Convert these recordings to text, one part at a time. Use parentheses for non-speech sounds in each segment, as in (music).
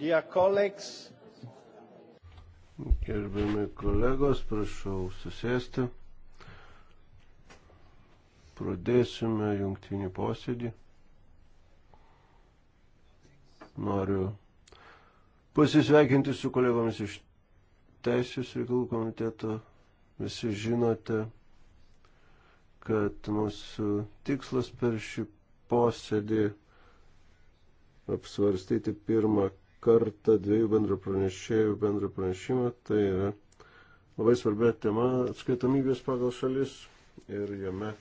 Dear colleagues. Gerbiami kolegos, prašau susėsti. Pradėsime jungtinį posėdį. Noriu pasisveikinti su kolegomis iš Teisės reikalų komiteto. Visi žinote, kad mūsų tikslas per šį posėdį apsvarstyti pirmą kartą dviejų bendro pranešėjų bendro pranešimą. Tai yra labai svarbia tema atskaitomybės pagal šalis ir jame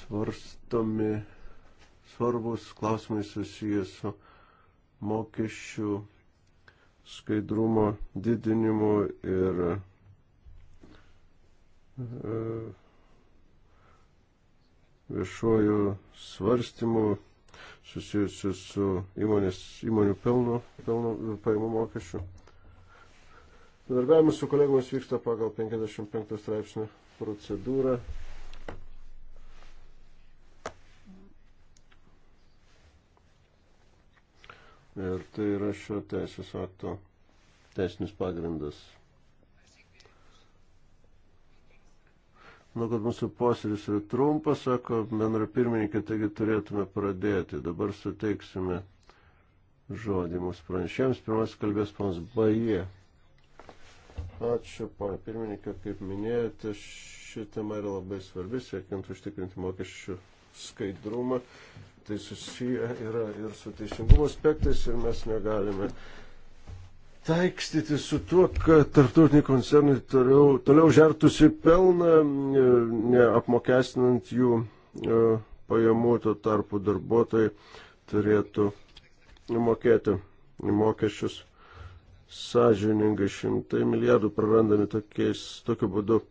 svarstomi svarbus klausimai susijęs su mokesčių skaidrumo didinimu ir e, viešuoju svarstymu susijusių su įmonės, įmonių pelnu, pelnu pajamų mokesčiu. Bendarbiavimas su kolegomis vyksta pagal 55 straipsnio procedūrą. Ir tai yra šio teisės akto teisinis pagrindas Manau, kad mūsų posėdis yra trumpas, sako bendra pirmininkė, taigi turėtume pradėti. Dabar suteiksime žodį mūsų pranešėjams. Pirmas kalbės panas Baje. Ačiū, pana pirmininkė, kaip minėjote, ši tema yra labai svarbi, siekiant užtikrinti mokesčių skaidrumą. Tai susiję yra ir su teisingumo aspektais ir mes negalime taikstyti su tuo, kad tarptautiniai koncernai toliau, toliau žertusi pelną, e, neapmokestinant jų e, pajamų, tuo tarpu darbuotojai turėtų mokėti mokesčius sąžiningai šimtai milijardų prarandami tokiais, tokiu būdu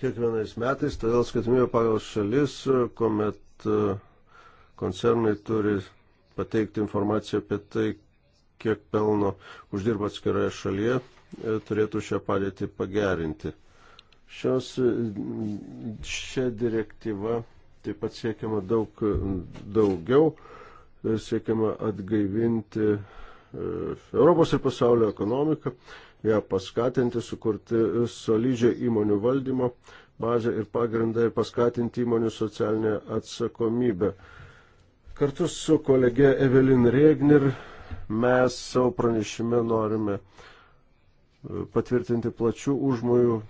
kiekvienais metais, todėl skatimėjo pagal šalis, kuomet e, koncernai turi pateikti informaciją apie tai, kiek pelno uždirba atskiroje šalyje, e, turėtų šią padėtį pagerinti. Šios, šią direktyvą taip pat siekiama daug daugiau, e, siekiama atgaivinti e, Europos ir pasaulio ekonomiką, ją paskatinti, sukurti solidžią įmonių valdymo bazę ir pagrindą ir paskatinti įmonių socialinę atsakomybę. Kartu su kolege Evelin Regner mes savo pranešime norime e, patvirtinti plačių užmojų e,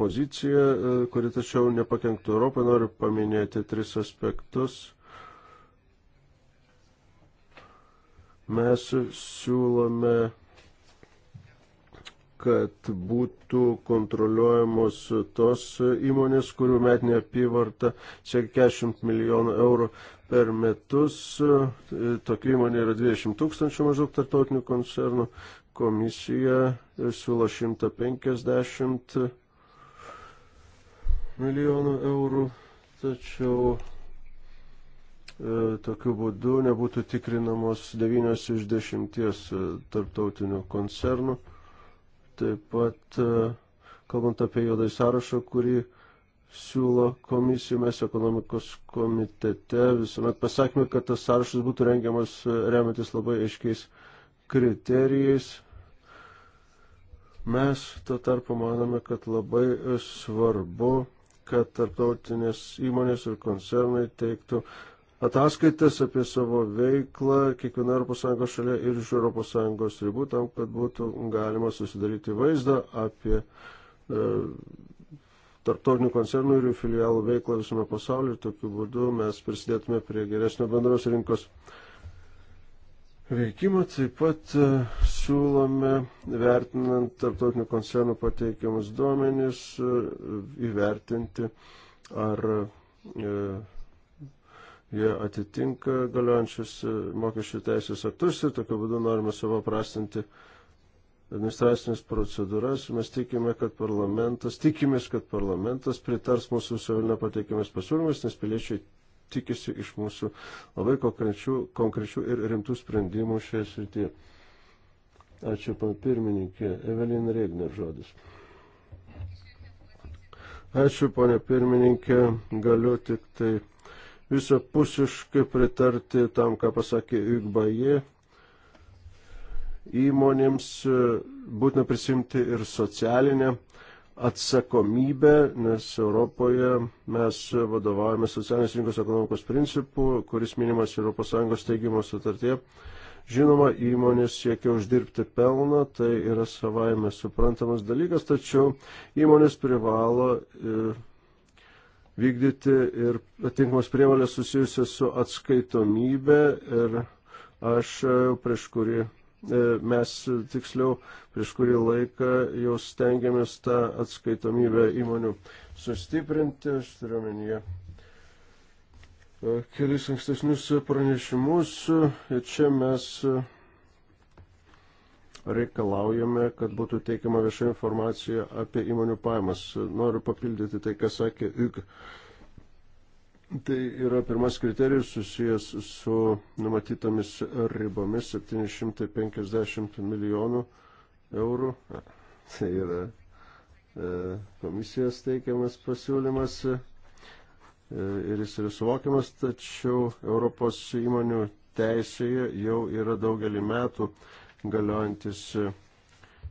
poziciją, e, kuri tačiau nepakenktų Europai. Noriu paminėti tris aspektus. Mes siūlome kad būtų kontroliuojamos tos įmonės, kurių metinė apyvarta siekia 40 milijonų eurų per metus. Tokių įmonių yra 20 tūkstančių maždaug tarptautinių koncernų. Komisija siūlo 150 milijonų eurų, tačiau e, tokiu būdu nebūtų tikrinamos 9 iš 10 e, tarptautinių koncernų. Taip pat, e, kalbant apie juodai sąrašą, kurį siūlo komisija, mes ekonomikos komitete visuomet pasakėme, kad tas sąrašas būtų rengiamas e, remiantis labai aiškiais kriterijais. Mes tuo tarpu manome, kad labai svarbu, kad tarptautinės įmonės ir koncernai teiktų uh, ataskaitas apie savo veiklą kiekviena ES šalia ir iš ES ribų, tam, kad būtų galima susidaryti vaizdą apie e, tarptautinių koncernų ir jų filialų veiklą visame pasaulyje. Tokiu būdu mes prisidėtume prie geresnio bendros rinkos. Veikimą taip pat e, siūlome, vertinant tarptautinių koncernų pateikiamus duomenys, e, įvertinti, ar e, jie atitinka galiojančius e, mokesčių teisės aktus ir tokiu būdu norime savo prastinti administracinės procedūras. Mes tikime, kad parlamentas, tikimės, kad parlamentas pritars mūsų savilinio pateikimės pasiūlymus, nes piliečiai tikisi iš mūsų labai konkrečių, konkrečių ir rimtų sprendimų šioje srityje. Ačiū, pan pirmininkė. Evelin Regner žodis. Ačiū, ponė pirmininkė. Galiu tik tai visapusiškai pritarti tam, ką pasakė Igbaji. Įmonėms e, būtina prisimti ir socialinę atsakomybę, nes Europoje mes vadovavome socialinės rinkos ekonomikos principų, kuris minimas ES teigimo sutartie. Žinoma, įmonės siekia uždirbti pelną, tai yra savaime suprantamas dalykas, tačiau įmonės privalo e, vykdyti ir atinkamos prievalės susijusios su atskaitomybė ir aš e, prieš kurį e, mes tiksliau prieš kurį laiką jau stengiamės tą atskaitomybę įmonių sustiprinti, aš turiu omenyje e, kelis ankstesnius pranešimus ir čia mes reikalaujame, kad būtų teikiama vieša informacija apie įmonių pajamas. Noriu papildyti tai, ką sakė IG. Tai yra pirmas kriterijus susijęs su numatytomis ribomis 750 milijonų eurų. (laughs) Tai yra e, komisijos teikiamas pasiūlymas e, ir jis yra suvokiamas, tačiau Europos įmonių teisėje jau yra daugelį metų galiojantis e,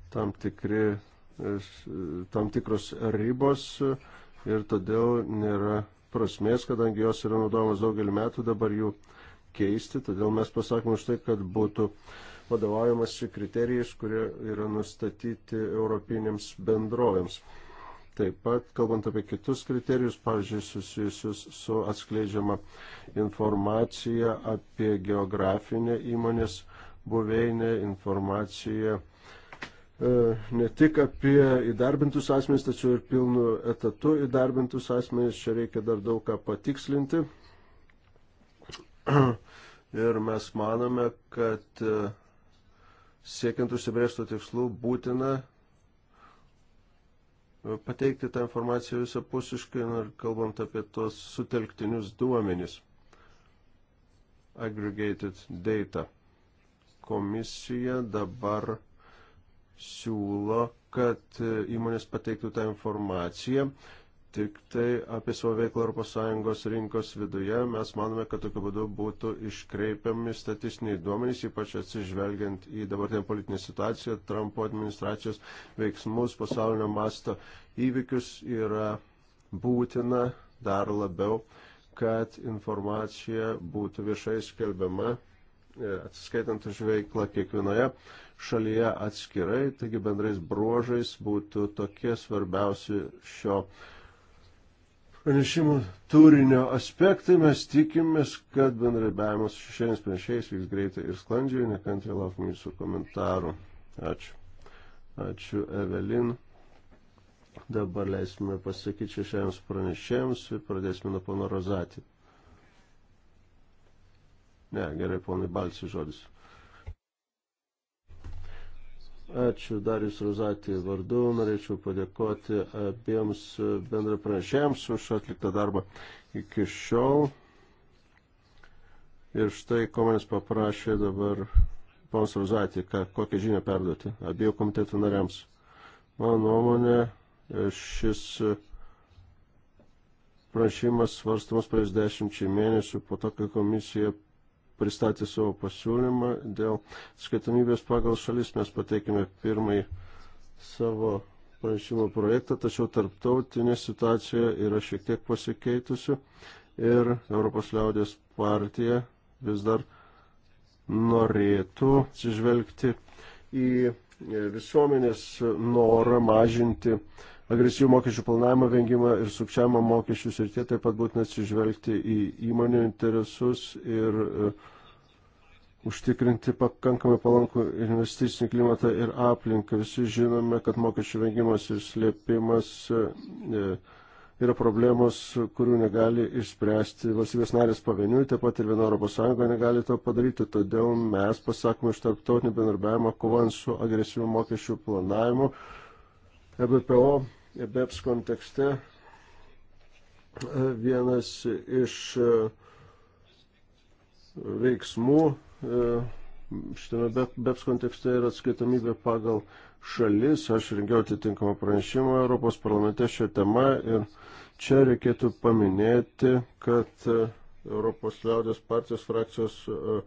tam, tikri, e, e, tam tikros ribos ir todėl nėra prasmės, kadangi jos yra naudojamos daugelį metų, dabar jų keisti. Todėl mes pasakome už tai, kad būtų vadovaujamas šį kriterijais, kurie yra nustatyti europinėms bendrovėms. Taip pat, kalbant apie kitus kriterijus, pavyzdžiui, susijusius su atskleidžiama informacija apie geografinę įmonės buveinę, informaciją e, ne tik apie įdarbintus asmenys, tačiau ir pilnu etatu įdarbintus asmenys. Čia reikia dar daug ką patikslinti. (clears throat) Ir mes manome, kad e, siekiant užsibrėžtų tikslų būtina e, pateikti tą informaciją visapusiškai ir kalbant apie tos sutelktinius duomenys, aggregated data komisija dabar siūlo, kad įmonės pateiktų tą informaciją tik tai apie savo veiklą ES rinkos viduje. Mes manome, kad tokiu būdu būtų iškreipiami statistiniai duomenys, ypač atsižvelgiant į dabartinę politinę situaciją, Trumpo administracijos veiksmus, pasaulinio masto įvykius yra būtina dar labiau kad informacija būtų viešai skelbiama E, atsiskaitant už veiklą kiekvienoje šalyje atskirai, taigi bendrais bruožais būtų tokie svarbiausi šio pranešimų turinio aspektai. Mes tikimės, kad bendradarbiavimas su šešėnės pranešėjais vyks greitai ir sklandžiai, nekantriai laukime jūsų komentarų. Ačiū. Ačiū, Evelin. Dabar leisime pasakyti šešėnės pranešėjams ir pradėsime nuo pono Rozatį. Ne, gerai, ponai Balsi žodis. Ačiū Darius Rozatį vardu, norėčiau padėkoti abiems bendra pranešėjams už atliktą darbą iki šiol. Ir štai, ko manęs paprašė dabar ponas Rozatį, ką, kokią žinią perduoti abiejų komitetų nariams. Mano nuomonė, šis prašymas svarstamas prieš dešimčiai mėnesių po to, kai komisija pristatė savo pasiūlymą dėl skaitomybės pagal šalis. Mes pateikėme pirmąjį savo pranešimo projektą, tačiau tarptautinė situacija yra šiek tiek pasikeitusi ir Europos liaudės partija vis dar norėtų atsižvelgti į visuomenės norą mažinti uh, agresyvų mokesčių planavimą, vengimą ir sukčiavimą mokesčių srityje, taip pat būtina atsižvelgti į įmonių interesus ir e, užtikrinti pakankamai palankų investicinį klimatą ir aplinką. Visi žinome, kad mokesčių vengimas ir slėpimas e, yra problemos, kurių negali išspręsti valstybės narės pavieniui, taip pat ir viena ES negali to padaryti. Todėl mes pasakome iš tarptautinio bendarbiavimo kovant su agresyviu mokesčių planavimu. EBPO E BEPS kontekste vienas iš e, veiksmų e, šitame BEPS kontekste yra atskaitomybė pagal šalis. Aš rengiau atitinkamą pranešimą Europos parlamente šią temą ir čia reikėtų paminėti, kad Europos liaudės partijos frakcijos uh,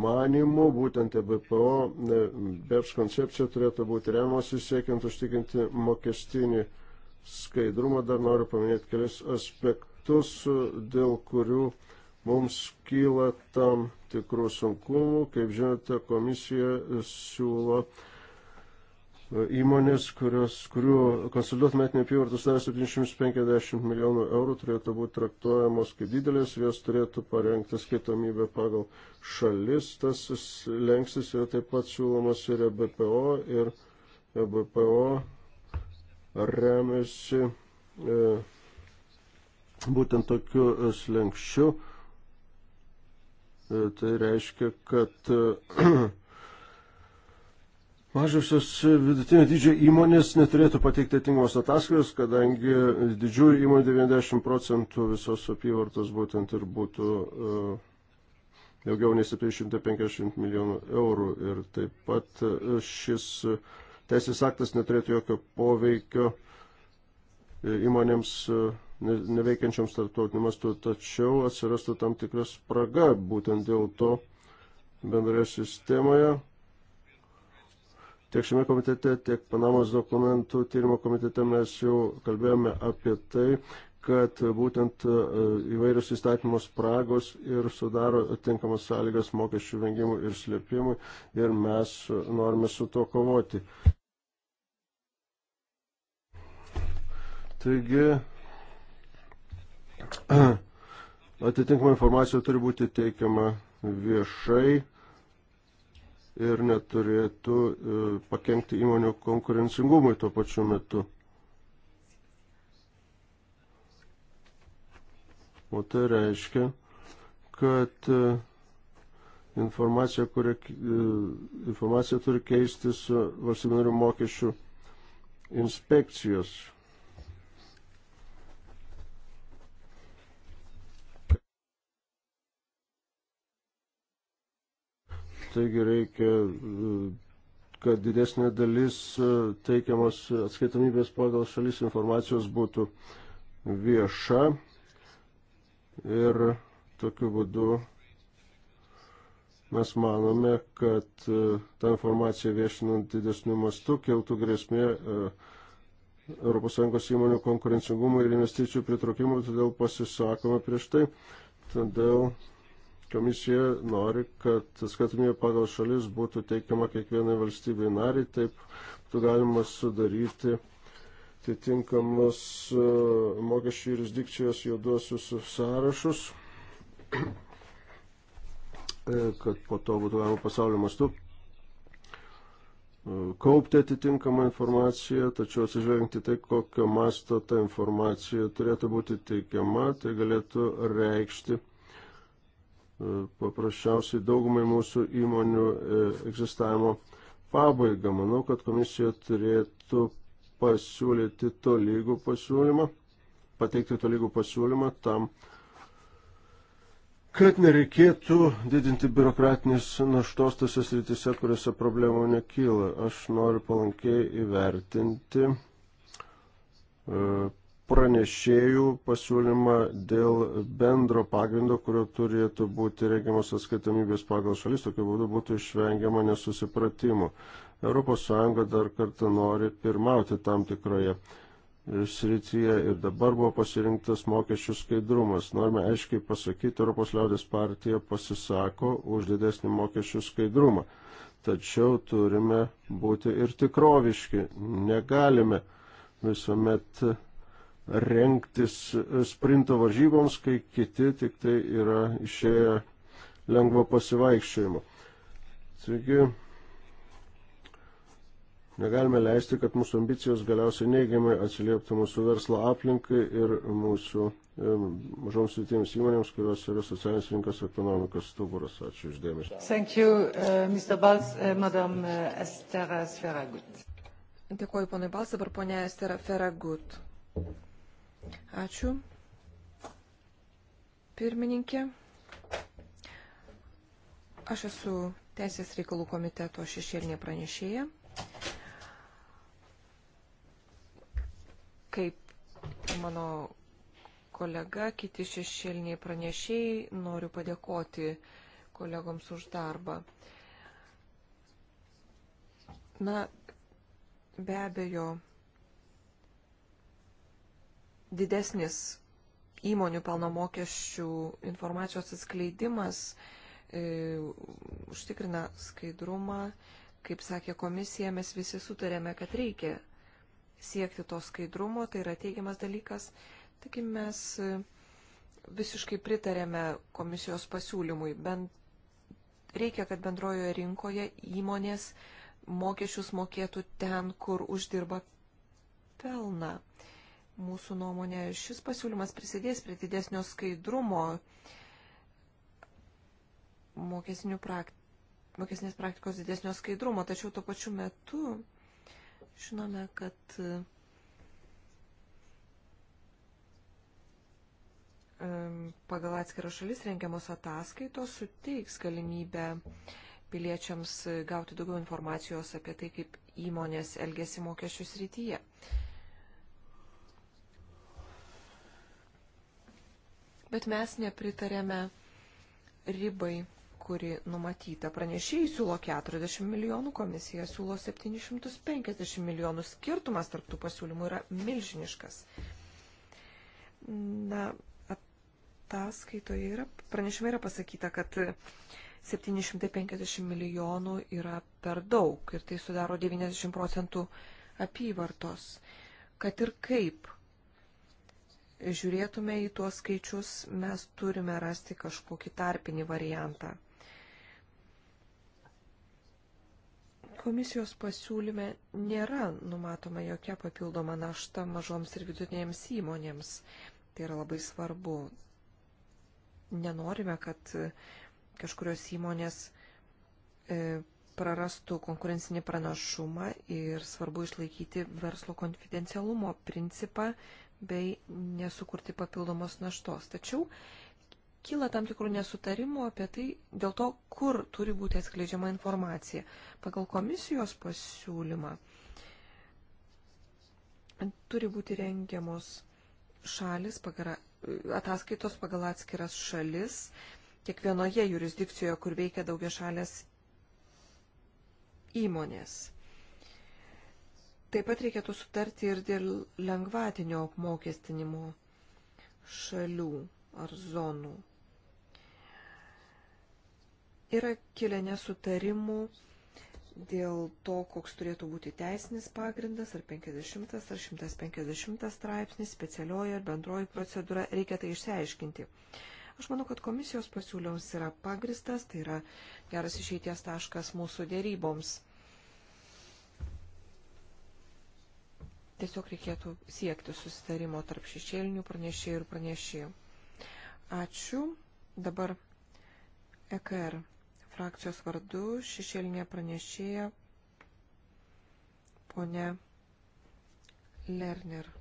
manimų, būtent EBPO, e, BEPS koncepcija turėtų būti remosi siekiant užtikrinti mokestinį skaidrumą. Dar noriu paminėti kelias aspektus, dėl kurių mums kyla tam tikrų sunkumų. Kaip žinote, komisija siūlo Įmonės, kurios, kurių konsoliduot metinė apyvarta sudarė 750 milijonų eurų, turėtų būti traktuojamos kaip didelės, jos turėtų parengti skaitomybę pagal šalis, tas lenksis yra taip pat siūlomas ir EBPO, ir EBPO remiasi e, būtent tokiu e, slengščiu. E, tai reiškia, kad (clears throat) Mažusios vidutinio dydžio įmonės neturėtų pateikti atitinkamos ataskaitos, kadangi didžiųjų įmonių 90 procentų visos apyvartos būtent ir būtų uh, daugiau nei 750 milijonų eurų. Ir taip pat e, šis teisės aktas neturėtų jokio poveikio e, įmonėms neveikiančioms tarptautiniu mastu, tačiau atsirastų tam tikras spraga būtent dėl to bendroje sistemoje Tiek šiame komitete, tiek Panamos dokumentų tyrimo komitete mes jau kalbėjome apie tai, kad būtent e, įvairios įstatymos spragos ir sudaro tinkamas sąlygas mokesčių vengimui ir slėpimui ir mes norime su to kovoti. Taigi, (clears throat) atitinkama informacija turi būti teikiama viešai ir neturėtų e, pakengti įmonių konkurencingumui tuo pačiu metu. O tai reiškia, kad e, informacija, kuria, e, informacija turi keisti su valstybinarių mokesčių inspekcijos taigi reikia, kad didesnė dalis e, teikiamos atskaitomybės pagal šalis informacijos būtų vieša ir tokiu būdu mes manome, kad e, ta informacija viešinant didesnių mastų kiltų grėsmė ES įmonių konkurencingumui ir investicijų pritraukimui, todėl pasisakome prieš tai. Todėl Komisija nori, kad atskaitomybė pagal šalis būtų teikiama kiekvienai valstybei nariai, taip būtų galima sudaryti atitinkamus e, mokesčių jurisdikcijos juoduosius sąrašus, e, kad po to būtų galima pasaulio mastu e, kaupti atitinkamą informaciją, tačiau atsižvelgiant į tai, kokio masto ta informacija turėtų būti teikiama, tai galėtų reikšti, paprasčiausiai daugumai mūsų įmonių e, egzistavimo pabaigą. Manau, kad komisija turėtų pasiūlyti tolygų pasiūlymą, pateikti tolygų pasiūlymą tam, kad nereikėtų didinti biurokratinės naštos tose srityse, kuriuose problemų nekyla. Aš noriu palankiai įvertinti e, pranešėjų pasiūlymą dėl bendro pagrindo, kurio turėtų būti reikiamos atskaitomybės pagal šalis, tokiu būdu būtų išvengiama nesusipratimų. ES dar kartą nori pirmauti tam tikroje srityje ir dabar buvo pasirinktas mokesčių skaidrumas. Norime aiškiai pasakyti, Europos liaudės partija pasisako už didesnį mokesčių skaidrumą. Tačiau turime būti ir tikroviški. Negalime visuomet renktis sprinto varžyboms, kai kiti tik tai yra išėję lengvo pasivaikščiojimo. Taigi, negalime leisti, kad mūsų ambicijos galiausiai neigiamai atsilieptų mūsų verslo aplinkai ir mūsų e, mažoms sutėms įmonėms, kurios yra socialinės rinkos ekonomikos stuburas. Ačiū išdėmesi. Thank you, uh, e, Mr. Balz, uh, e, Madam uh, Estera Sferagut. Dėkuoju, ponai Balz, dabar ponė Estera Feragut. Ačiū. Pirmininkė. Aš esu Teisės reikalų komiteto šešėlinė pranešėja. Kaip mano kolega, kiti šešėliniai pranešėjai, noriu padėkoti kolegoms už darbą. Na, be abejo, didesnis įmonių pelno mokesčių informacijos atskleidimas e, užtikrina skaidrumą. Kaip sakė komisija, mes visi sutarėme, kad reikia siekti to skaidrumo, tai yra teigiamas dalykas. Taigi mes e, visiškai pritarėme komisijos pasiūlymui. Bent reikia, kad bendrojoje rinkoje įmonės mokesčius mokėtų ten, kur uždirba pelną. Mūsų nuomonė, šis pasiūlymas prisidės prie didesnio skaidrumo prakti, mokesnės praktikos didesnio skaidrumo, tačiau tuo pačiu metu žinome, kad pagal atskiras šalis rengiamos ataskaitos suteiks galimybę piliečiams gauti daugiau informacijos apie tai, kaip įmonės elgesi mokesčių srityje. bet mes nepritarėme ribai, kuri numatyta. Pranešėjai siūlo 40 milijonų, komisija siūlo 750 milijonų. Skirtumas tarptų pasiūlymų yra milžiniškas. Na, ataskaitoje yra, pranešime yra pasakyta, kad 750 milijonų yra per daug ir tai sudaro 90 procentų apyvartos. Kad ir kaip žiūrėtume į tuos skaičius, mes turime rasti kažkokį tarpinį variantą. Komisijos pasiūlyme nėra numatoma jokia papildoma našta mažoms ir vidutinėms įmonėms. Tai yra labai svarbu. Nenorime, kad e, kažkurios įmonės e, prarastų konkurencinį pranašumą ir svarbu išlaikyti verslo konfidencialumo principą bei nesukurti papildomos naštos. Tačiau kyla tam tikrų nesutarimų apie tai, dėl to, kur turi būti atskleidžiama informacija. Pagal komisijos pasiūlymą turi būti rengiamos šalis, pagal, ataskaitos pagal atskiras šalis, kiekvienoje jurisdikcijoje, kur veikia daugia šalės įmonės. Taip pat reikėtų sutarti ir dėl lengvatinio apmokestinimo šalių ar zonų. Yra kilę nesutarimų dėl to, koks turėtų būti teisinis pagrindas, ar 50 ar 150 straipsnis, specialioji ar bendroji procedūra, reikia tai išsiaiškinti. Aš manau, kad komisijos pasiūlymas yra pagristas, tai yra geras išeities taškas mūsų dėryboms. Tiesiog reikėtų siekti susitarimo tarp šešėlinių pranešėjų ir pranešėjų. Ačiū. Dabar EKR frakcijos vardu šešėlinė pranešėja ponė Lerner.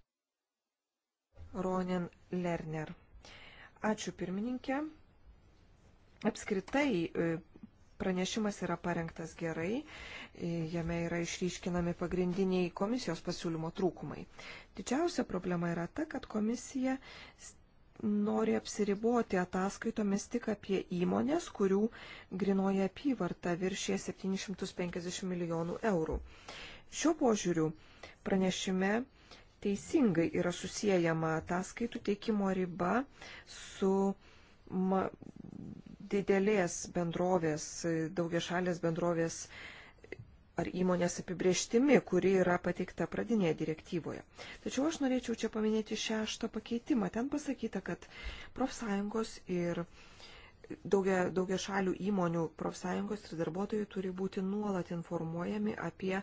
Ronin Lerner. Ačiū pirmininkė. Apskritai e, Pranešimas yra parengtas gerai, e, jame yra išryškinami pagrindiniai komisijos pasiūlymo trūkumai. Didžiausia problema yra ta, kad komisija nori apsiriboti ataskaitomis tik apie įmonės, kurių grinoja apyvarta viršė 750 milijonų eurų. Šiuo požiūriu pranešime teisingai yra susijęjama ataskaitų teikimo riba su ma, didelės bendrovės, daugiašalės bendrovės ar įmonės apibrieštimi, kuri yra pateikta pradinėje direktyvoje. Tačiau aš norėčiau čia paminėti šeštą pakeitimą. Ten pasakyta, kad profsąjungos ir daugia, daugia šalių įmonių profsąjungos ir darbuotojai turi būti nuolat informuojami apie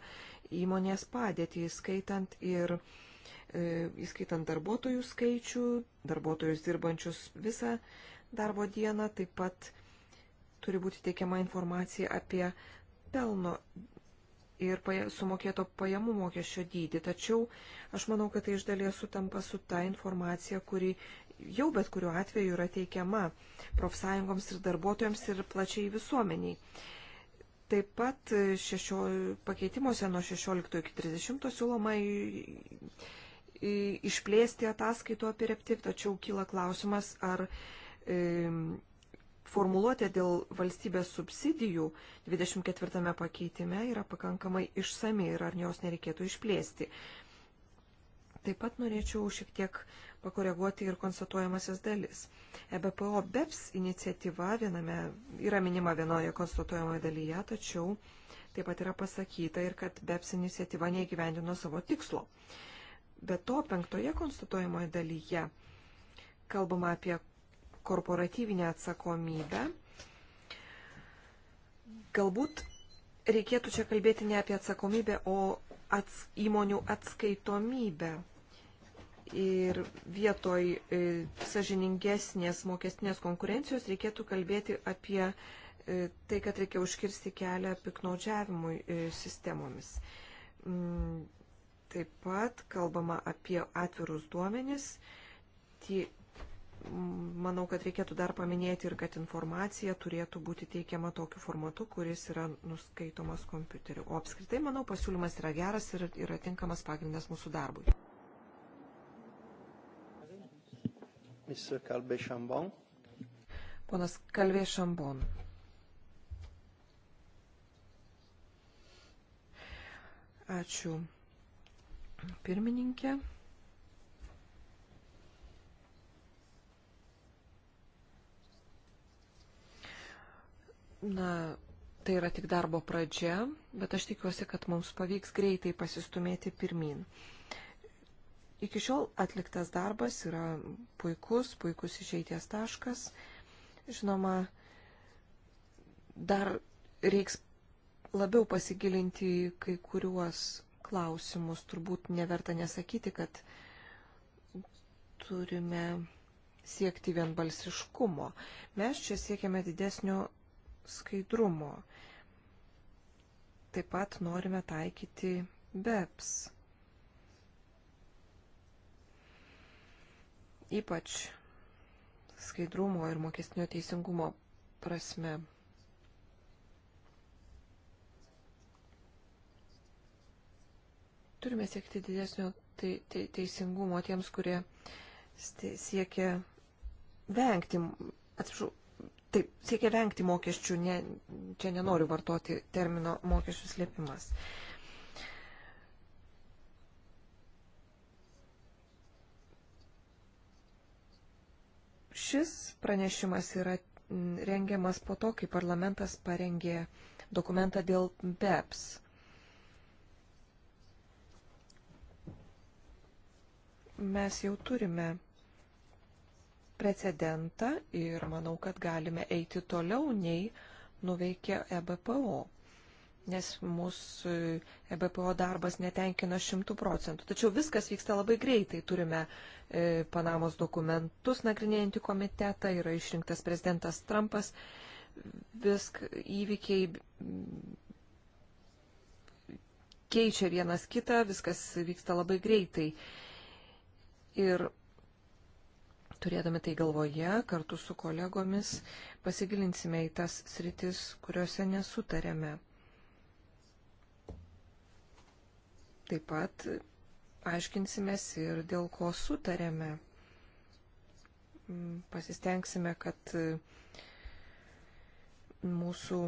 įmonės padėtį, įskaitant ir e, įskaitant darbuotojų skaičių, darbuotojus dirbančius visą darbo dieną, taip pat turi būti teikiama informacija apie pelno ir sumokėto pajamų mokesčio dydį. Tačiau aš manau, kad tai iš dalies sutampa su ta informacija, kuri jau bet kuriuo atveju yra teikiama profsąjungoms ir darbuotojams ir plačiai visuomeniai. Taip pat šešio, pakeitimuose nuo 16 iki 30 siūloma išplėsti ataskaitų apie reptiv, tačiau kyla klausimas, ar formuluotė dėl valstybės subsidijų 24 pakeitime yra pakankamai išsami ir ar jos nereikėtų išplėsti. Taip pat norėčiau šiek tiek pakoreguoti ir konstatuojamasis dalis. EBPO BEPS iniciatyva viename, yra minima vienoje konstatuojamoje dalyje, tačiau taip pat yra pasakyta ir kad BEPS iniciatyva neįgyvendino savo tikslo. Be to, penktoje konstatuojamoje dalyje kalbama apie korporatyvinę atsakomybę. Galbūt reikėtų čia kalbėti ne apie atsakomybę, o ats, įmonių atskaitomybę. Ir vietoj e, sažiningesnės mokestinės konkurencijos reikėtų kalbėti apie e, tai, kad reikia užkirsti kelią piknaudžiavimui e, sistemomis. Mm, taip pat kalbama apie atvirus duomenis. Tie, manau, kad reikėtų dar paminėti ir, kad informacija turėtų būti teikiama tokiu formatu, kuris yra nuskaitomas kompiuteriu. O apskritai, manau, pasiūlymas yra geras ir yra tinkamas pagrindas mūsų darbui. Ponas Kalvė Šambon. Ačiū pirmininkė. Na, tai yra tik darbo pradžia, bet aš tikiuosi, kad mums pavyks greitai pasistumėti pirmin. Iki šiol atliktas darbas yra puikus, puikus išeities taškas. Žinoma, dar reiks labiau pasigilinti į kai kuriuos klausimus. Turbūt neverta nesakyti, kad turime siekti vienbalsiškumo. Mes čia siekiame didesnio skaidrumo. Taip pat norime taikyti BEPS. Ypač skaidrumo ir mokestinio teisingumo prasme. turime siekti didesnio te, te, teisingumo tiems, kurie siekia vengti, atsiprašau, Taip, siekia vengti mokesčių, ne, čia nenoriu vartoti termino mokesčių slėpimas. Šis pranešimas yra rengiamas po to, kai parlamentas parengė dokumentą dėl BEPS. Mes jau turime precedentą ir manau, kad galime eiti toliau nei nuveikė EBPO, nes mūsų EBPO e darbas netenkina šimtų procentų. Tačiau viskas vyksta labai greitai. Turime e, Panamos dokumentus nagrinėjantį komitetą, yra išrinktas prezidentas Trumpas, visk įvykiai keičia vienas kitą, viskas vyksta labai greitai. Ir Turėdami tai galvoje, kartu su kolegomis pasigilinsime į tas sritis, kuriuose nesutarėme. Taip pat aiškinsimės ir dėl ko sutarėme. Mm, pasistengsime, kad mm, mūsų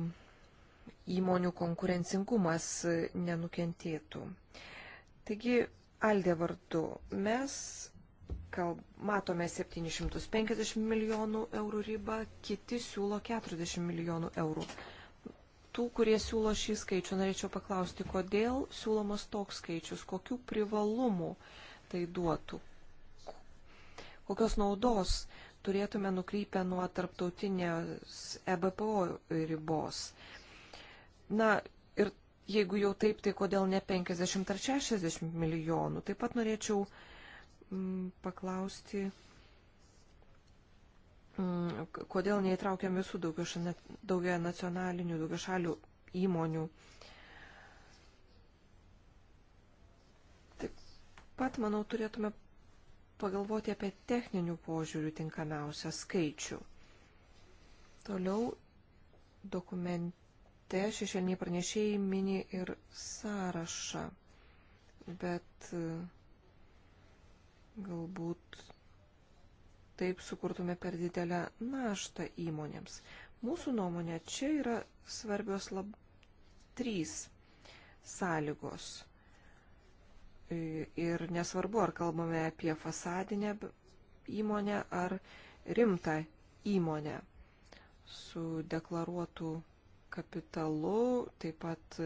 įmonių konkurencingumas mm, nenukentėtų. Taigi, Aldė vardu, mes kalb, matome 750 milijonų eurų ribą, kiti siūlo 40 milijonų eurų. Tų, kurie siūlo šį skaičių, norėčiau paklausti, kodėl siūlomas toks skaičius, kokių privalumų tai duotų, kokios naudos turėtume nukrypę nuo tarptautinės EBPO ribos. Na ir jeigu jau taip, tai kodėl ne 50 ar 60 milijonų? Taip pat norėčiau uh, paklausti, kodėl neįtraukiam visų daugia nacionalinių, daugia šalių įmonių. Taip pat, manau, turėtume pagalvoti apie techninių požiūrių tinkamiausią skaičių. Toliau dokumente šešėliniai pranešėjai mini ir sąrašą, bet uh, Galbūt taip sukurtume per didelę naštą įmonėms. Mūsų nuomonė čia yra svarbios lab... trys sąlygos. E, ir nesvarbu, ar kalbame apie fasadinę įmonę ar rimtą įmonę su deklaruotų kapitalu, taip pat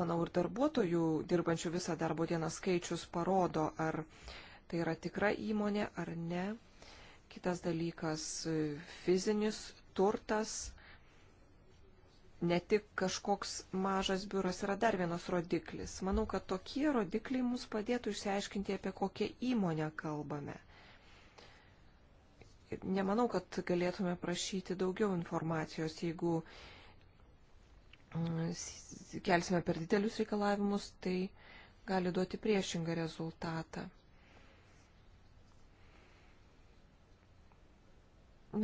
manau, ir darbuotojų dirbančių visą darbo dieną skaičius parodo, ar tai yra tikra įmonė ar ne. Kitas dalykas - fizinis turtas. Ne tik kažkoks mažas biuras yra dar vienas rodiklis. Manau, kad tokie rodikliai mus padėtų išsiaiškinti, apie kokią įmonę kalbame. Nemanau, kad galėtume prašyti daugiau informacijos, jeigu uh, kelsime per didelius reikalavimus, tai gali duoti priešingą rezultatą.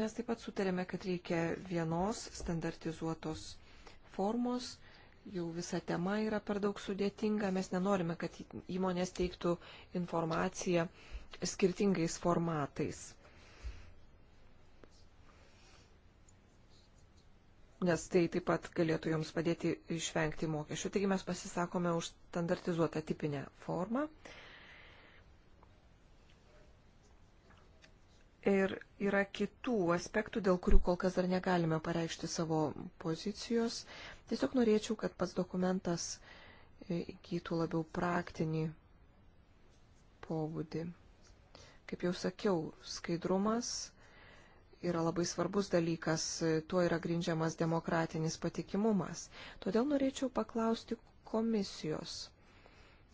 Mes taip pat sutarėme, kad reikia vienos standartizuotos formos, jau visa tema yra per daug sudėtinga, mes nenorime, kad įmonės teiktų informaciją skirtingais formatais. nes tai taip pat galėtų jums padėti išvengti mokesčių. Taigi mes pasisakome už standartizuotą tipinę formą. Ir yra kitų aspektų, dėl kurių kol kas dar negalime pareikšti savo pozicijos. Tiesiog norėčiau, kad pats dokumentas įgytų labiau praktinį pobūdį. Kaip jau sakiau, skaidrumas yra labai svarbus dalykas, tuo yra grindžiamas demokratinis patikimumas. Todėl norėčiau paklausti komisijos,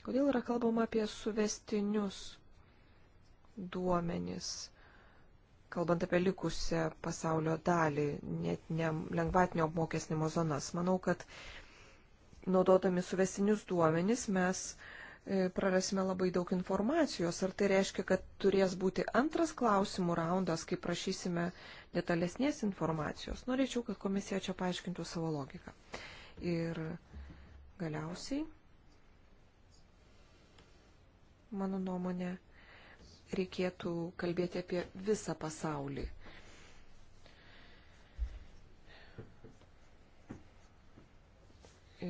kodėl yra kalbama apie suvestinius duomenis, kalbant apie likusią pasaulio dalį, net ne lengvatinio apmokesnimo zonas. Manau, kad naudodami suvestinius duomenis mes uh, E, prarasime labai daug informacijos. Ar tai reiškia, kad turės būti antras klausimų raundas, kai prašysime detalesnės informacijos? Norėčiau, kad komisija čia paaiškintų savo logiką. Ir galiausiai, mano nuomonė, reikėtų kalbėti apie visą pasaulį. E,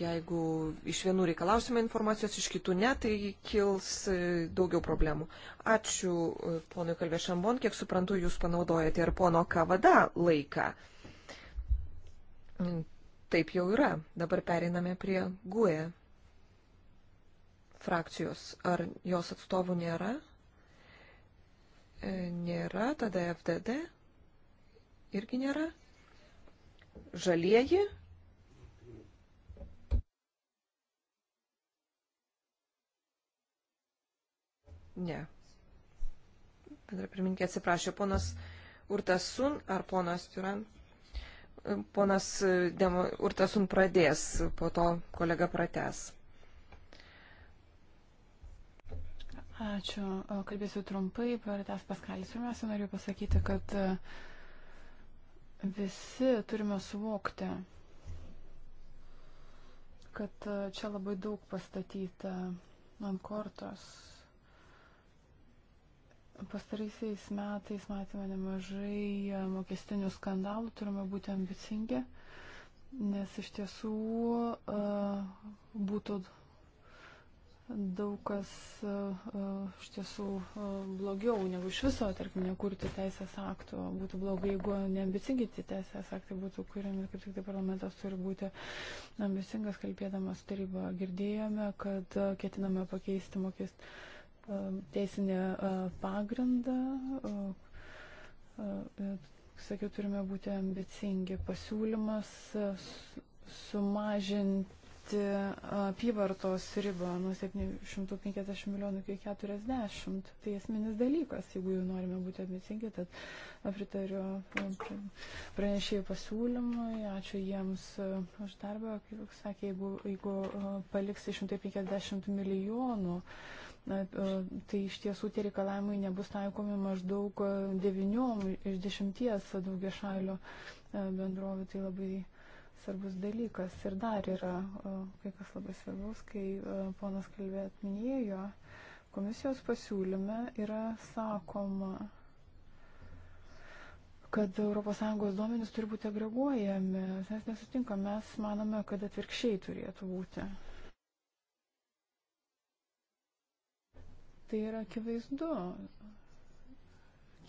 jeigu iš vienų reikalausime informacijos, iš kitų ne, tai kils e, daugiau problemų. Ačiū e, ponui Kalvėšambon, kiek suprantu, jūs panaudojate ir pono Kavada laiką. Mm, taip jau yra. Dabar pereiname prie GUE frakcijos. Ar jos atstovų nėra? Nėra, tada FDD irgi nėra. Žalieji Ne. Bendra pirmininkė atsiprašė, ponas Urtasun ar ponas Turan? Ponas e, Demo, Urtasun pradės, po to kolega prates. Ačiū. Kalbėsiu trumpai, pratęs paskalis. Pirmiausia, noriu pasakyti, kad e, visi turime suvokti, kad e, čia labai daug pastatyta ant kortos Pastaraisiais metais matėme nemažai e, mokestinių skandalų, turime būti ambicingi, nes iš tiesų e, būtų daug kas e, iš tiesų blogiau negu iš viso, tarkim, nekurti teisės aktų. Būtų blogai, jeigu neambicingi tie teisės aktai būtų kuriami, kaip tik tai parlamentas turi būti ambicingas, kalbėdamas taryba. Girdėjome, kad ketiname pakeisti mokestį teisinį e, pagrindą. E, e, sakiau, turime būti ambicingi. Pasiūlymas sumažinti apyvartos ribą nuo 750 milijonų iki 40. Tai esminis dalykas, jeigu jau norime būti ambicingi, tad pritariu pranešėjų pasiūlymui. Ačiū jiems už darbą. Kaip sakė, jeigu, jeigu paliks 150 milijonų na, tai iš tiesų tie reikalavimai nebus taikomi maždaug 9 iš 10 daugia šalių e, bendrovių. Tai labai svarbus dalykas. Ir dar yra kai kas labai svarbus, kai ponas kalbėt minėjo, komisijos pasiūlyme yra sakoma kad ES duomenys turi būti agreguojami. Mes nesutinkam, mes manome, kad atvirkščiai turėtų būti. Tai yra akivaizdu.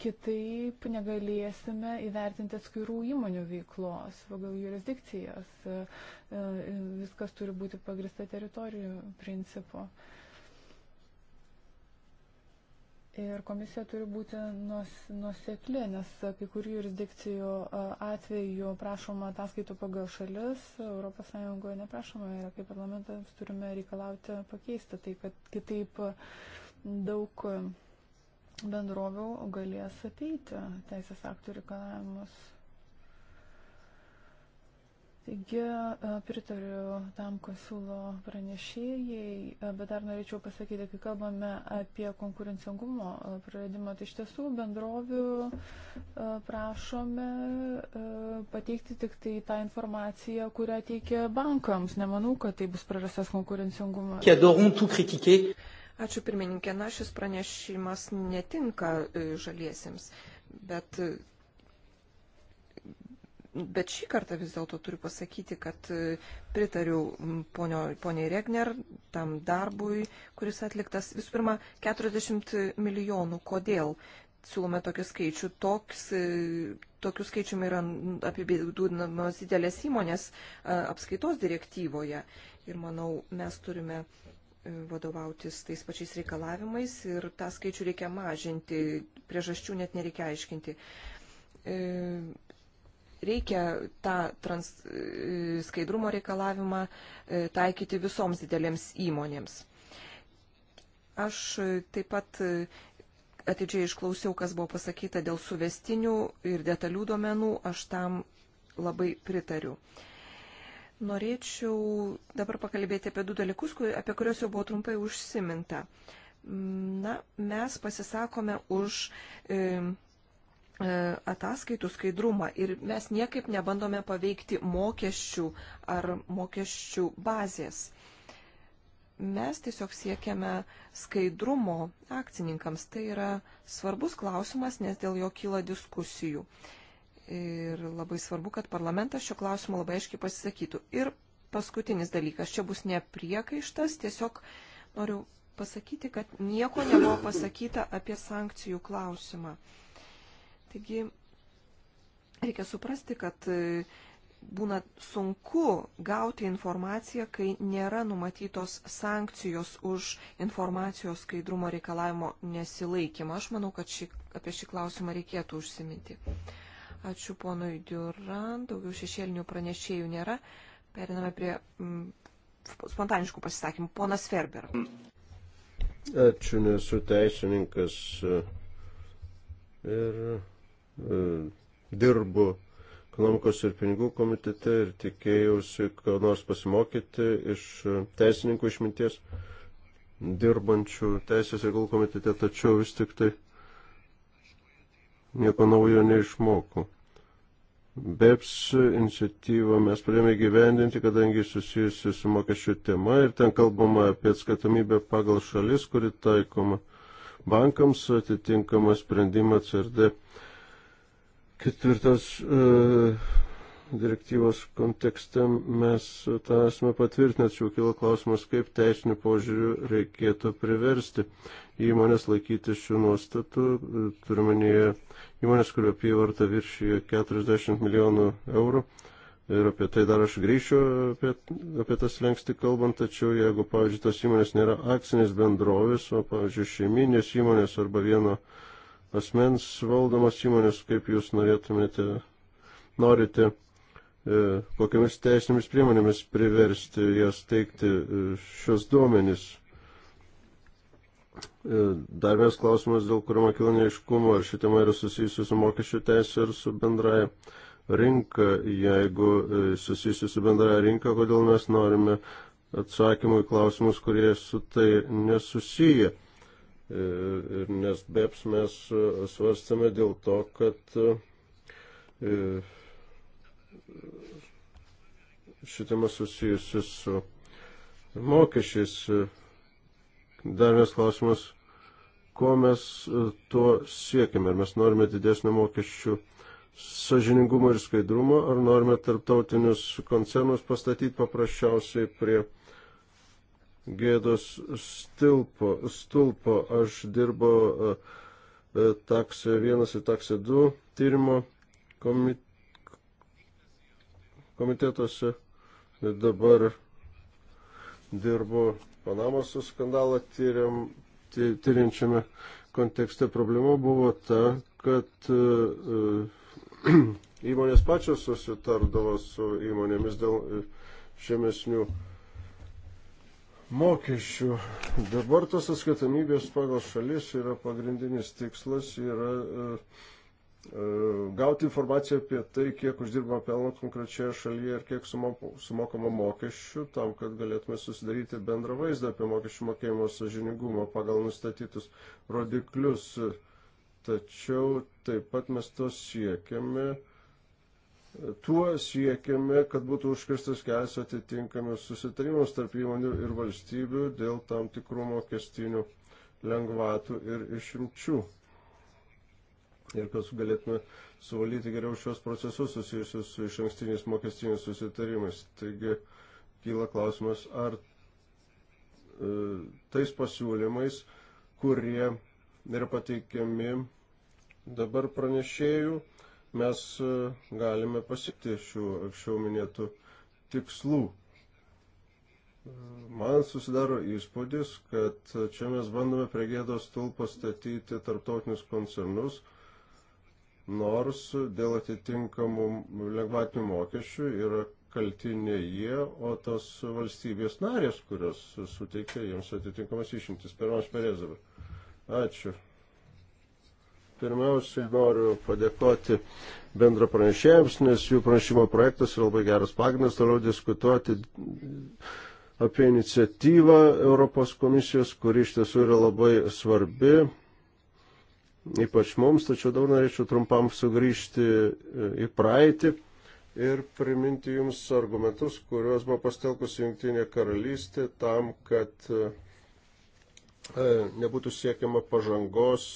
Kitaip negalėsime įvertinti atskirų įmonių veiklos pagal jurisdikcijas. E, e, viskas turi būti pagrista teritorijų principu. Ir komisija turi būti nusekli, nes kai kurių jurisdikcijų e, atveju prašoma ataskaitų pagal šalis, ES neprašoma ir kaip parlamentas turime reikalauti pakeisti tai, kad kitaip uh, daug bendrovių galės apeiti teisės aktų reikalavimus. Taigi e, pritariu tam, ko siūlo pranešėjai, e, bet dar norėčiau pasakyti, kai kalbame apie konkurencingumo e, praradimą, tai iš tiesų bendrovių prašome pateikti tik tai tą informaciją, kurią teikia bankams. Nemanau, kad tai bus prarastas konkurencingumas. Ačiū pirmininkė, na šis pranešimas netinka e, žaliesiems, bet, bet šį kartą vis dėlto turiu pasakyti, kad e, pritariu ponio, poniai Regner tam darbui, kuris atliktas visų pirma 40 milijonų. Kodėl? Siūlome tokį skaičių. Toks, e, tokiu skaičiumi yra apibūdinamos didelės įmonės apskaitos direktyvoje. Ir manau, mes turime vadovautis tais pačiais reikalavimais ir tą skaičių reikia mažinti, priežasčių net nereikia aiškinti. E, reikia tą trans, e, skaidrumo reikalavimą e, taikyti visoms didelėms įmonėms. Aš taip pat atidžiai išklausiau, kas buvo pasakyta dėl suvestinių ir detalių duomenų, aš tam labai pritariu. E, Norėčiau dabar pakalbėti apie du dalykus, apie kuriuos jau buvo trumpai užsiminta. Na, mes pasisakome už e, ataskaitų skaidrumą ir mes niekaip nebandome paveikti mokesčių ar mokesčių bazės. Mes tiesiog siekiame skaidrumo akcininkams. Tai yra svarbus klausimas, nes dėl jo kyla diskusijų. E, Ir labai svarbu, kad parlamentas šio klausimu labai aiškiai pasisakytų. Ir paskutinis dalykas, čia bus ne priekaištas, tiesiog noriu pasakyti, kad nieko nebuvo pasakyta apie sankcijų klausimą. Taigi, reikia suprasti, kad e, būna sunku gauti informaciją, kai nėra numatytos sankcijos už informacijos skaidrumo reikalavimo nesilaikymą. Aš manau, kad šį, apie šį klausimą reikėtų užsiminti. Ačiū ponui Duran, daugiau šešėlinių pranešėjų nėra. Periname prie mm, spontaniškų pasisakymų. Ponas Ferber. Ačiū, nesu teisininkas e, ir e, dirbu ekonomikos ir pinigų komitete ir tikėjausi, ką nors pasimokyti iš teisininkų išminties dirbančių teisės reikalų komitete, tačiau vis tik tai nieko naujo neišmokau. BEPS iniciatyvą mes pradėjome gyvendinti, kadangi susijusi su mokesčių tema ir ten kalbama apie atskaitomybę pagal šalis, kuri taikoma bankams atitinkamą sprendimą CRD ketvirtos e, direktyvos kontekste mes tą esame patvirtinę, tačiau kilo klausimas, kaip teisinių požiūrių reikėtų priversti įmonės laikyti šių nuostatų, turiuomenyje įmonės, kurio apyvarta viršyje 40 milijonų eurų. Ir apie tai dar aš grįšiu, apie, apie tas lengsti kalbant, tačiau jeigu, pavyzdžiui, tos įmonės nėra akcinės bendrovės, o, pavyzdžiui, šeiminės įmonės arba vieno asmens valdomas įmonės, kaip jūs norėtumėte, norite, e, kokiamis teisinėmis priemonėmis priversti jas teikti e, šios duomenys E, dar vienas klausimas, dėl kurio man kilo neiškumo, ar ši tema yra susijusi su mokesčių teisė ir su bendraja rinka. Jeigu e, susijusi su bendraja rinka, kodėl mes norime atsakymų į klausimus, kurie su tai nesusiję. E, ir nes BEPS mes svarstame dėl to, kad šitama susijusi su mokesčiais Dar vienas klausimas, ko mes e, tuo siekime? Ar mes norime didesnio mokesčių sažiningumo ir skaidrumo, ar norime tarptautinius koncernus pastatyti paprasčiausiai prie gėdos stilpo, stulpo. Aš dirbau e, e, taksė 1 ir taksė 2 tyrimo komit, komitetuose ir dabar dirbu Panamos skandalą tyriam, ty, tyriančiame kontekste problema buvo ta, kad uh, (clears throat) įmonės pačios susitardavo su įmonėmis dėl e, žemesnių mokesčių. Dabar tos atskaitomybės pagal šalis yra pagrindinis tikslas, yra uh, E, gauti informaciją apie tai, kiek uždirba pelno konkrečioje šalyje ir kiek sumokama mokesčių, tam, kad galėtume susidaryti bendrą vaizdą apie mokesčių mokėjimo sažiningumą pagal nustatytus rodiklius. Tačiau taip pat mes to siekiame. Tuo siekiame, kad būtų užkirstas kelias atitinkamius susitarimus tarp įmonių ir valstybių dėl tam tikrų mokestinių lengvatų ir išimčių ir kad galėtume suvaldyti geriau šios procesus susijusius su iš ankstiniais mokestiniais susitarimais. Taigi kyla klausimas, ar e, tais pasiūlymais, kurie yra pateikiami dabar pranešėjų, mes e, galime pasiekti šių anksčiau minėtų tikslų. E, man susidaro įspūdis, kad čia mes bandome prie gėdos stulpo statyti tarptautinius koncernus, nors dėl atitinkamų lengvatinių mokesčių yra kalti ne jie, o tos valstybės narės, kurios suteikia jiems atitinkamas išimtis. Pirmas perėzavai. Ačiū. Pirmiausiai noriu padėkoti bendra pranešėjams, nes jų pranešimo projektas yra labai geras pagrindas toliau diskutuoti apie iniciatyvą Europos komisijos, kuri iš tiesų yra labai svarbi ypač mums, tačiau dabar norėčiau trumpam sugrįžti e, į praeitį ir priminti jums argumentus, kuriuos buvo pastelkusi Junktinė karalystė tam, kad e, e, nebūtų siekiama pažangos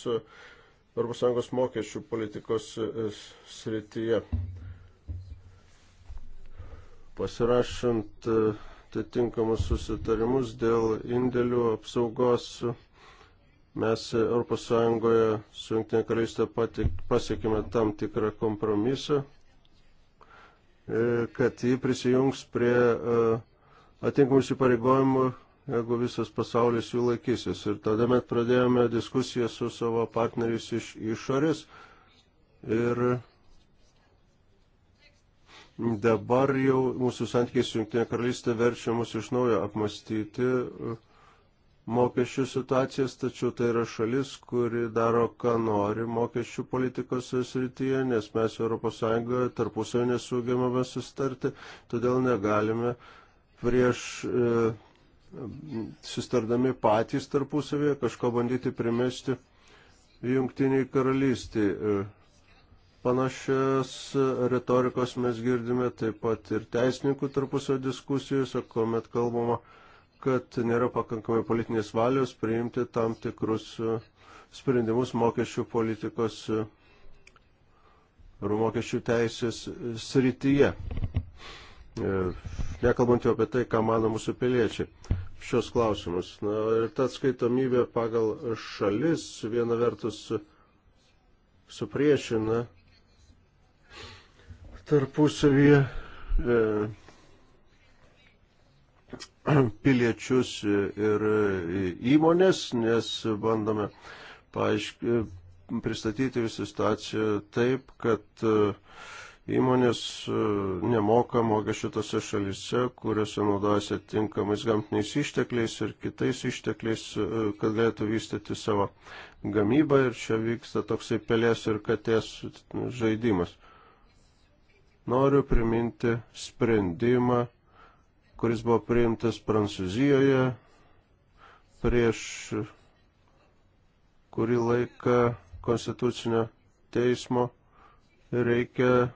ES mokesčių politikos srityje. Pasirašant atitinkamus susitarimus dėl indėlių apsaugos Mes ES su Junktinė karalystė pasiekime tam tikrą kompromisą, e, kad ji prisijungs prie e, atinkamų įsipareigojimų, jeigu visas pasaulis jų laikysis. Ir tada mes pradėjome diskusiją su savo partneriais iš išorės. Ir dabar jau mūsų santykiai su Junktinė karalystė verčia mus iš naujo apmastyti, e, mokesčių situacijas, tačiau tai yra šalis, kuri daro, ką nori mokesčių politikos srityje, nes mes ES tarpusavį nesugebame sustarti, todėl negalime prieš e, sustardami patys tarpusavėje kažko bandyti primesti jungtiniai karalystiai. E, panašias retorikos mes girdime taip pat ir teisininkų tarpusavio diskusijose, kuomet kalbama kad nėra pakankamai politinės valios priimti tam tikrus e, sprendimus mokesčių politikos ir e, mokesčių teisės e, srityje. Nekalbant jau apie tai, ką mano mūsų piliečiai šios klausimus. Na, ir ta atskaitomybė pagal šalis viena vertus supriešina tarpusavyje. E, piliečius ir įmonės, nes bandome paaišk... pristatyti visą situaciją taip, kad įmonės nemoka mokesčių tose šalise, kuriuose naudojasi tinkamais gamtiniais ištekliais ir kitais ištekliais, kad galėtų vystyti savo gamybą ir čia vyksta toksai pelės ir katės žaidimas. Noriu priminti sprendimą kuris buvo priimtas Prancūzijoje prieš kurį laiką konstitucinio teismo reikia e,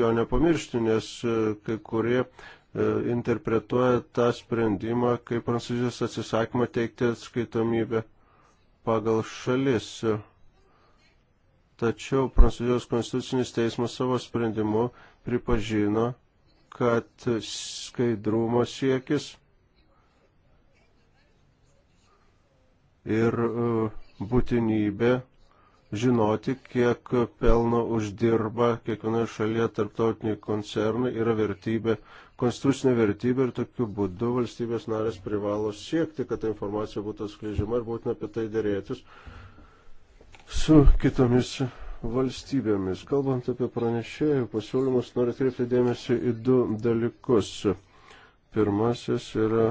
jo nepamiršti, nes e, kai kurie e, interpretuoja tą sprendimą kaip Prancūzijos atsisakymą teikti atskaitomybę pagal šalis. Tačiau Prancūzijos konstitucinis teismas savo sprendimu pripažino, kad skaidrumo siekis ir e, būtinybė žinoti, kiek pelno uždirba kiekvienoje šalyje tarptautiniai koncernai yra vertybė, konstitucinė vertybė ir tokiu būdu valstybės narės privalo siekti, kad ta informacija būtų skleidžiama ir būtina apie tai dėrėtis su kitomis valstybėmis. Kalbant apie pranešėjų pasiūlymus, noriu atkreipti dėmesį į du dalykus. Pirmasis yra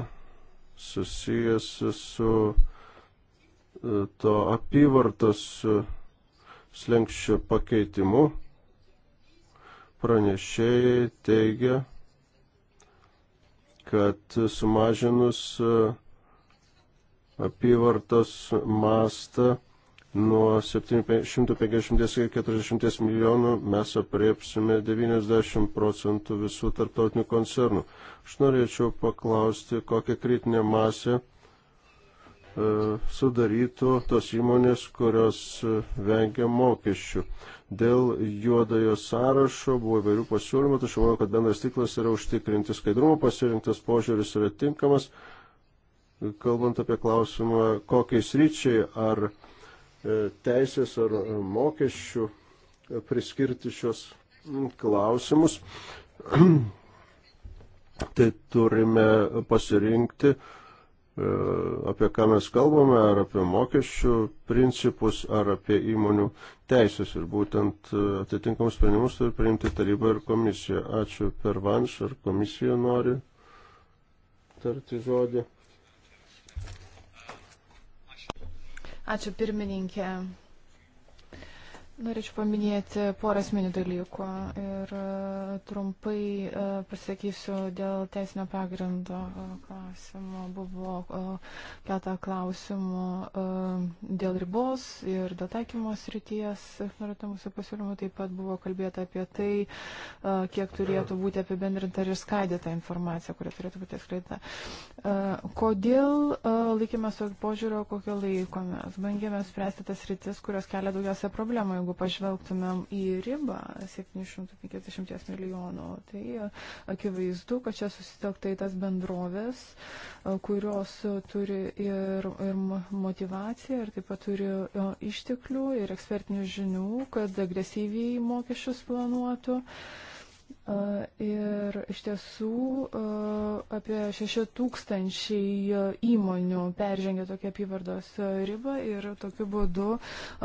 susijęs su e, to apyvartos e, slengščio pakeitimu. Pranešėjai teigia, kad sumažinus e, apyvartos mastą nuo 750 iki 40 milijonų mes apriepsime 90 procentų visų tarptautinių koncernų. Aš norėčiau paklausti, kokią kritinę masę e, sudarytų tos įmonės, kurios e, vengia mokesčių. Dėl juodojo sąrašo buvo įvairių pasiūlymų, tačiau manau, kad bendras tiklas yra užtikrinti skaidrumą, pasirinktas požiūris yra tinkamas. Kalbant apie klausimą, kokiais ryčiai ar uh, E, teisės ar e, mokesčių e, priskirti šios klausimus, (clears throat) tai turime pasirinkti, apie ką mes kalbame, ar apie mokesčių principus, ar apie įmonių teisės. Ir būtent atitinkamus sprendimus turi priimti taryba ir komisija. Ačiū per vanš, ar komisija nori tarti žodį. Ačiū pirmininkė. Norėčiau paminėti porą asmenių dalykų ir e, trumpai e, pasakysiu dėl teisinio pagrindo e, klausimo. Buvo keltą klausimų dėl ribos ir dėl taikymos ryties, norėtų mūsų pasiūlymų, taip pat buvo kalbėta apie tai, kiek turėtų būti apibendrinta ir skaidyta informacija, kuri turėtų būti atskleidta. Kodėl laikėmės tokio požiūrio, kokio laikomės? Bandėme spręsti tas rytis, kurios kelia daugiausia problemų jeigu pažvelgtumėm į ribą 750 milijonų, tai akivaizdu, kad čia susitelktai tas bendrovės, kurios turi ir, ir motivaciją, ir taip pat turi išteklių ir ekspertinių žinių, kad agresyviai mokesčius planuotų. Uh, Ir iš tiesų apie 6 tūkstančiai įmonių peržengia tokią apyvardos ribą ir tokiu būdu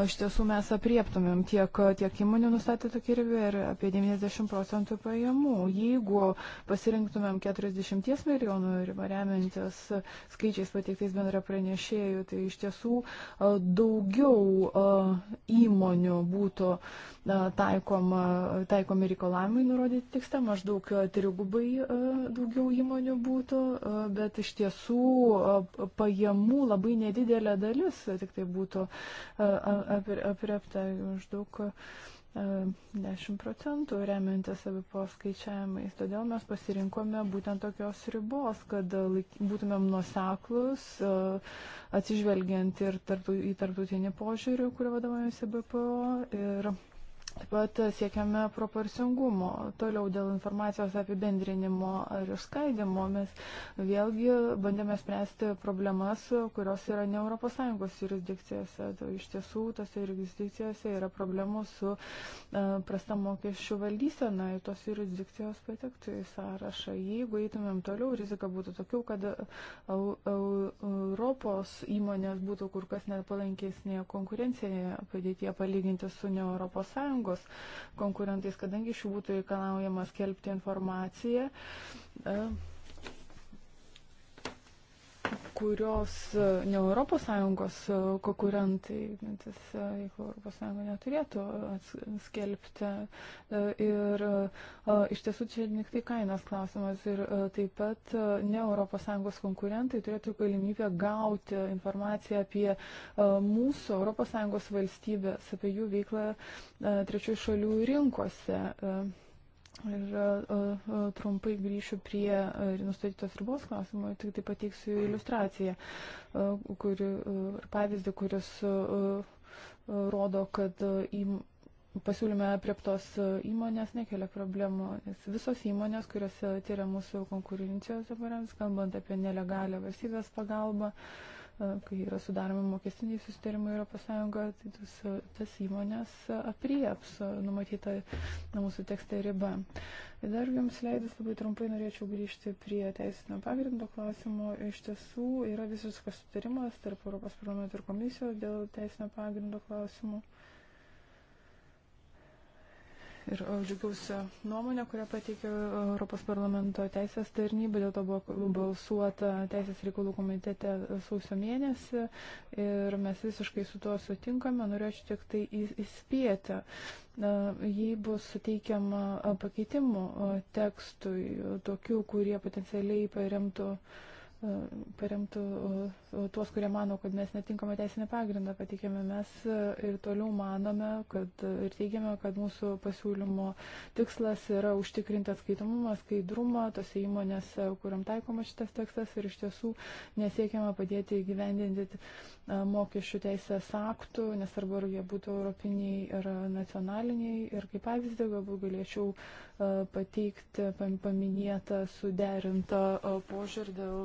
iš tiesų mes apriektumėm tiek, tiek įmonių nustatę tokį ribą ir apie 90 procentų pajamų. Jeigu pasirinktumėm 40 milijonų ribą remiantis skaičiais pateiktais bendra pranešėjų, tai iš tiesų daugiau įmonių būtų. Uh, taikom, taikomi reikalavimai nurodyti tikste, maždaug trigubai e, daugiau įmonių būtų, e, bet iš tiesų e, pajamų labai nedidelė dalis tik tai būtų apriepta maždaug 10 procentų remiantis abipo skaičiavimais. Todėl mes pasirinkome būtent tokios ribos, kad būtumėm nuseklus, atsižvelgiant ir tarptu, į tarptautinį požiūrį, kurio vadovaujasi BPO. Ir Taip pat siekiame proporcingumo. Toliau dėl informacijos apibendrinimo ar išskaidimo mes vėlgi bandėme spręsti problemas, kurios yra ne ES jurisdikcijose. Tai iš tiesų, tose jurisdikcijose yra problemų su e, prasta mokesčių valdysena ir tos jurisdikcijos patektų į sąrašą. Jeigu eitumėm toliau, rizika būtų tokių, kad Europos įmonės būtų kur kas nepalankesnėje konkurencijoje padėtyje palyginti su ne ES rinkos konkurentais, kadangi šių būtų reikalaujama skelbti informaciją. E, kurios e, ne ES e, konkurentai, mintis, e, jeigu ES neturėtų skelbti. Ir iš tiesų čia tik tai kainos klausimas. Ir taip pat ne ES konkurentai turėtų galimybę gauti informaciją apie mūsų ES valstybės, apie jų veiklą trečiųjų šalių rinkose. Ir uh, trumpai grįšiu prie uh, nustatytos ribos klausimo, tik tai pateiksiu iliustraciją, uh, kuri, uh, pavyzdį, kuris uh, uh, rodo, kad uh, im, pasiūlyme apriektos įmonės nekelia problemų, nes visos įmonės, kurios tyria mūsų konkurencijos dabar, kalbant apie nelegalią valstybės pagalbą, uh, E, kai yra sudaromi mokestiniai susitarimai ES, tai tas, tas įmonės aprieps numatytą mūsų tekste ribą. Ir dar jums leidus labai trumpai norėčiau grįžti prie teisinio pagrindo klausimo. Iš tiesų yra visiškas sutarimas tarp Europos parlamento ir komisijos dėl teisinio pagrindo klausimų ir džiugiausia nuomonė, kurią pateikė Europos parlamento teisės tarnyba, dėl to buvo balsuota teisės reikalų komitete sausio mėnesį ir mes visiškai su tuo sutinkame, norėčiau tik tai įspėti, jei bus suteikiama pakeitimų tekstui, tokių, kurie potencialiai paremtų uh, paremtų e, tuos, kurie mano, kad mes netinkamą teisinę pagrindą patikėme. Mes e, ir toliau manome kad, e, ir teigiame, kad mūsų pasiūlymo tikslas yra užtikrinti atskaitomumą, skaidrumą tose įmonėse, kuriam taikoma šitas tekstas ir iš tiesų nesiekiama padėti įgyvendinti mokesčių teisės aktų, nesvarbu, ar jie būtų europiniai ar nacionaliniai. Ir kaip pavyzdį galbūt galėčiau pateikti paminėtą suderintą požiūrį dėl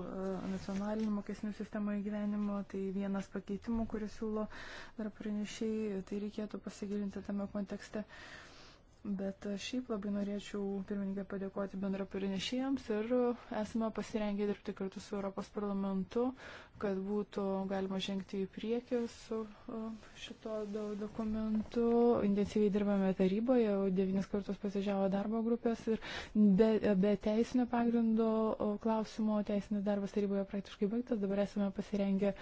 nacionalinių mokesnių sistemų įgyvenimo, tai vienas pakeitimų, kuris siūlo dar pranešiai, tai reikėtų pasigilinti tame kontekste. Uh, Bet šiaip labai norėčiau pirmininkę padėkoti bendra pranešėjams ir esame pasirengę dirbti kartu su Europos parlamentu, kad būtų galima žengti į priekį su šito dokumentu. Intensyviai dirbame taryboje, jau devynis kartus pasiežiavo darbo grupės ir be, be teisinio pagrindo klausimo teisinis darbas taryboje praktiškai baigtas. Dabar esame pasirengę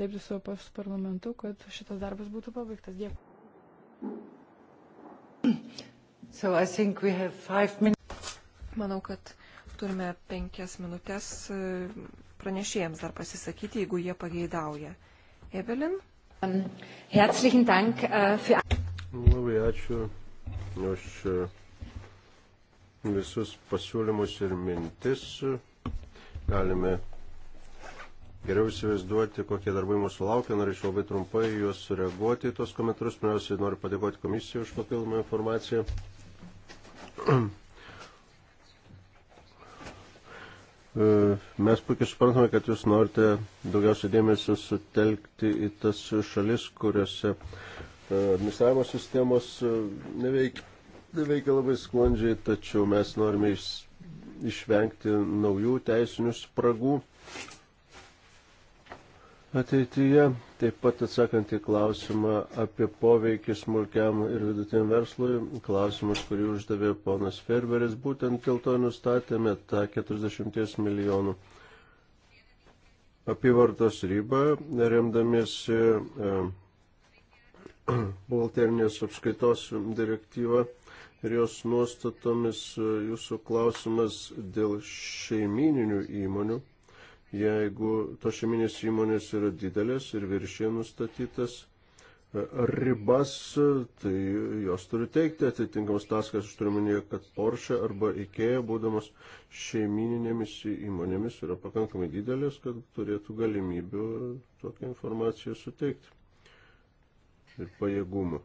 dirbti su Europos parlamentu, kad šitas darbas būtų pabaigtas. Dėkui. So Manau, kad turime penkias minutės e, pranešėjams dar pasisakyti, jeigu jie pageidauja. Evelin? Um, herzlichen Dank äh, für. Labai ačiū už e, visus pasiūlymus ir mintis. Galime geriau įsivaizduoti, kokie darbai mūsų laukia. Norėčiau labai trumpai juos sureaguoti į tos komentarus. Pirmiausiai noriu padėkoti komisijai už papildomą informaciją. Mes puikiai suprantame, kad jūs norite daugiausiai dėmesio sutelkti į tas šalis, kuriuose e, administravimo sistemos e, neveikia, neveikia labai sklandžiai, tačiau mes norime iš, išvengti naujų teisinių spragų ateityje. Taip pat atsakant į klausimą apie poveikį smulkiam ir vidutiniam verslui, klausimas, kurį uždavė ponas Ferberis, būtent dėl to nustatėme tą 40 milijonų apyvartos ribą, remdamiesi e, buhalterinės apskaitos direktyvą ir jos nuostatomis e, jūsų klausimas dėl šeimininių įmonių jeigu tos šeiminės įmonės yra didelės ir viršė nustatytas e, ribas, tai jos turi teikti atitinkamas taskas, aš turiu minėję, kad Porsche arba Ikea, būdamas šeimininėmis įmonėmis, yra pakankamai didelės, kad turėtų galimybių tokią informaciją suteikti ir pajėgumų.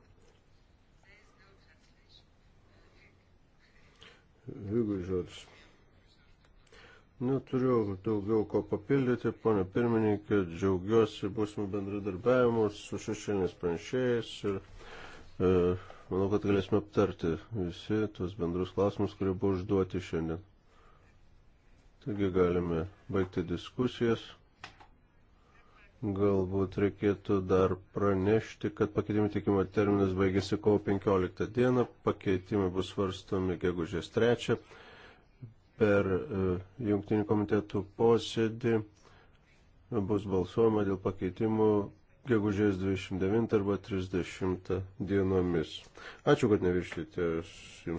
Hygui žodis. Neturiu daugiau ko papildyti, ponė pirmininkė, džiaugiuosi būsimų bendradarbiavimų su šešėlės pranešėjais ir e, manau, kad galėsime aptarti visi tuos bendrus klausimus, kurie buvo užduoti šiandien. Taigi galime baigti diskusijas. Galbūt reikėtų dar pranešti, kad pakeitimų tikimo terminas baigėsi kovo 15 dieną, pakeitimai bus svarstomi gegužės 3 per e, jungtinių komitetų posėdį bus balsuojama dėl pakeitimų gegužės 29 arba 30 dienomis. Ačiū, kad neviršlite jums.